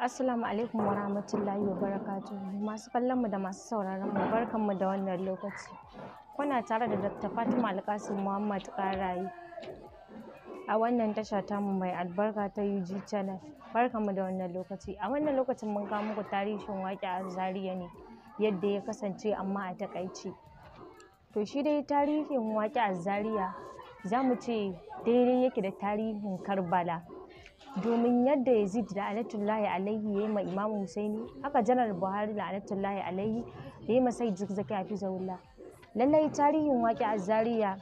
Assalamu alaikum wa rahmatullahi wa barakatuhu. Masu kallon mu da masu sauraron mu barkan mu da wannan lokaci. Kuna tare da Dr. Fatima Alkasim Muhammad Karayi a wannan tasha tamu mai albarka ta UG Channel. Barkan mu da wannan lokaci. A wannan lokacin mun kawo muku tarihin waƙe a Zaria ne yadda ya kasance amma a takaice. To shi dai tarihin waƙe a Zaria za mu ce daidai yake da tarihin Karbala. domin yadda yazid la'anatullahi alayhi ya yi ma imamu husaini haka janar buhari da la'anatullahi alaihi ya yi ma sai zaki hafizahullah lallai tarihin waƙi a Zariya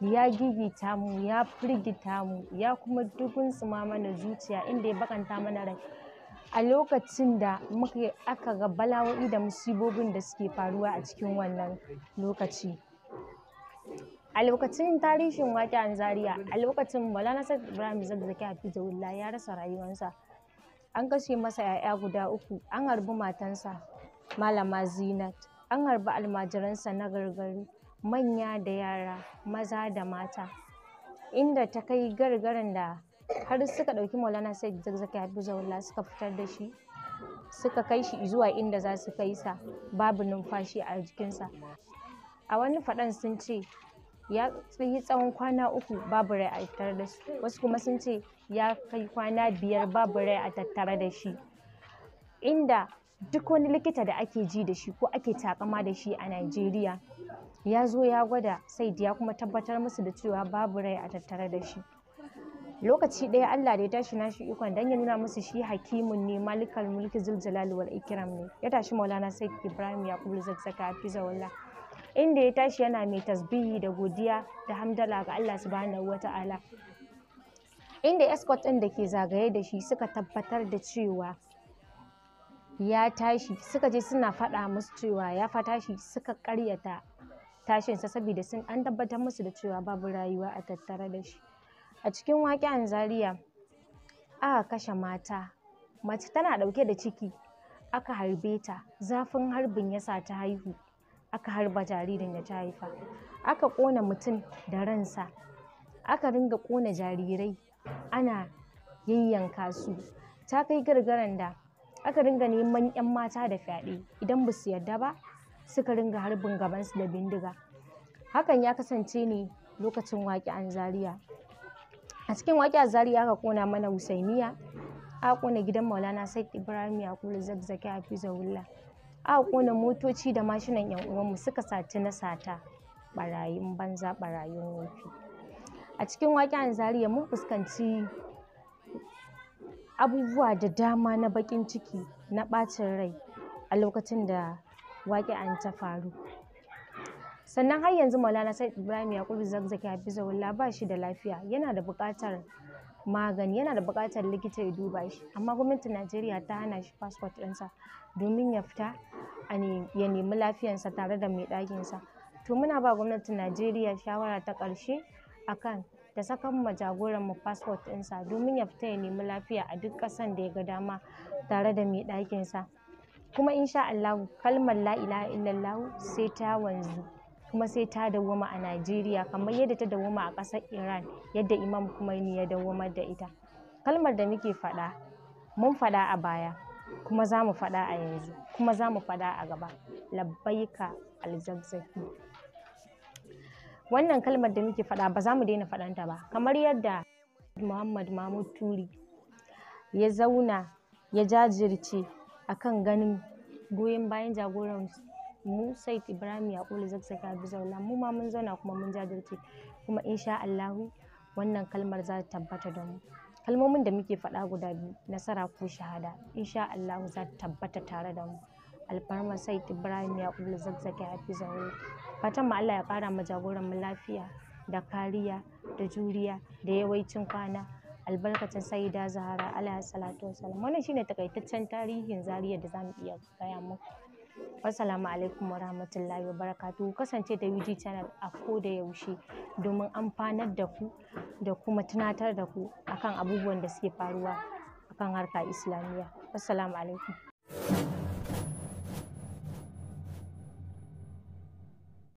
ya gigita mu ya firgita mu ya kuma dukun ma mana zuciya inda ya bakanta mana rai a lokacin da muka aka ga bala'o'i da musibobin da suke faruwa a cikin wannan lokaci a lokacin tarihin a zaria a lokacin maulana sa'id ibrahim zazzaki hafizullah ya rasa rayuwarsa an kashe masa 'ya'ya guda uku an harbi matansa malama zinat an harbi almajiransa na gargari manya da yara maza da mata inda ta kai gargarin da har suka ɗauki maulana sa'id zazzaki hafizullah suka fitar da shi suka kai shi zuwa inda za su kai sa babu numfashi a jikinsa a wani faɗan sun ce ya yi tsawon kwana uku babu rai a tattare da su wasu kuma sun ce ya kai kwana biyar babu rai a tattare da shi inda duk wani likita da ake ji da shi ko ake takama da shi a Najeriya ya zo ya gwada sai ya kuma tabbatar musu da cewa babu rai a tattare da shi lokaci ɗaya Allah da ya tashi nashi ikon dan ya nuna musu shi hakimun ne malikal mulki zuljalali wal ikram ne ya tashi maulana sai ibrahim yakubu zakzaka hafizahullah inda ya tashi yana mai tasbihi da godiya da hamdala ga Allah subhanahu wata'ala inda escort ɗin da ke zagaye da shi suka tabbatar da cewa ya tashi suka je suna faɗa musu cewa ya fa tashi suka ƙaryata tashinsa saboda sun an tabbatar musu da cewa babu rayuwa a tattare da shi a cikin waƙen zaria aka kashe mata mace tana ɗauke da ciki aka harbe ta zafin harbin ya sa ta haihu aka harba jaririn ya ta haifa aka ƙona mutum da ransa aka ringa ƙona jarirai ana yayyanka su ta kai gargaran da aka ringa neman 'yan mata da fyaɗe idan ba su yarda ba suka ringa harbin gabansu da bindiga hakan ya kasance ne lokacin waƙe an zaria a cikin waƙe a zaria aka ƙona mana husainiya aka ƙona gidan maulana sai ibrahim yakubu zakzaki hafizahullah aka kona motoci da mashinan yan uwanmu suka sati na sata barayin banza barayin wofi a cikin waƙen zaria mun fuskanci abubuwa da dama na baƙin ciki na ɓacin rai a lokacin da an ta faru sannan har yanzu maulana sai ibrahim yakubu zakzaki hafizahullah ba shi da lafiya yana da buƙatar magani yana da buƙatar likita ya duba shi amma gwamnatin najeriya ta hana shi fasfot ɗinsa domin ya fita ya nemi lafiyarsa tare da mai ɗakinsa to muna ba gwamnatin najeriya shawara ta ƙarshe akan ta saka ma jagoran mu fasfot ɗinsa domin ya fita ya nemi lafiya a duk ƙasan da ya ga dama tare da mai ɗakinsa kuma insha Allahu kalmar la ilaha illallahu sai ta wanzu kuma sai ta dawwama a Najeriya kamar yadda ta dawwama a ƙasar Iran yadda Imam Khomeini ya dawwamar da ita kalmar da muke faɗa mun faɗa a baya kuma za mu faɗa a yanzu kuma za mu faɗa a gaba labbaika aljazzaki wannan kalmar da muke faɗa ba za mu daina faɗanta ba kamar yadda muhammad mahmud turi ya zauna ya jajirce a kan ganin goyon bayan jagoran mu ibrahim ibrahim a zakzaka zauna mu ma mun zauna kuma mun jajirce kuma insha allahu wannan kalmar za ta tabbata da mu kalmomin da muke faɗa guda biyu nasara ko shahada insha Allah za ta tabbata tare da mu alfarma said ibrahim ya kula zazzaki hafizahu fatan mu Allah ya ƙara ma jagoran mu lafiya da kariya da juriya da yawaicin kwana albarkacin sayyida zahara alaihi salatu wassalam wannan shine takaitaccen tarihin zaria da zamu iya gaya muku Assalamu alaikum wa rahmatullahi wa barakatu kasance da UG channel a ko da yaushe domin amfanar da ku da kuma tunatar da ku akan abubuwan da suke faruwa akan harka islamiyya. Assalamu alaikum.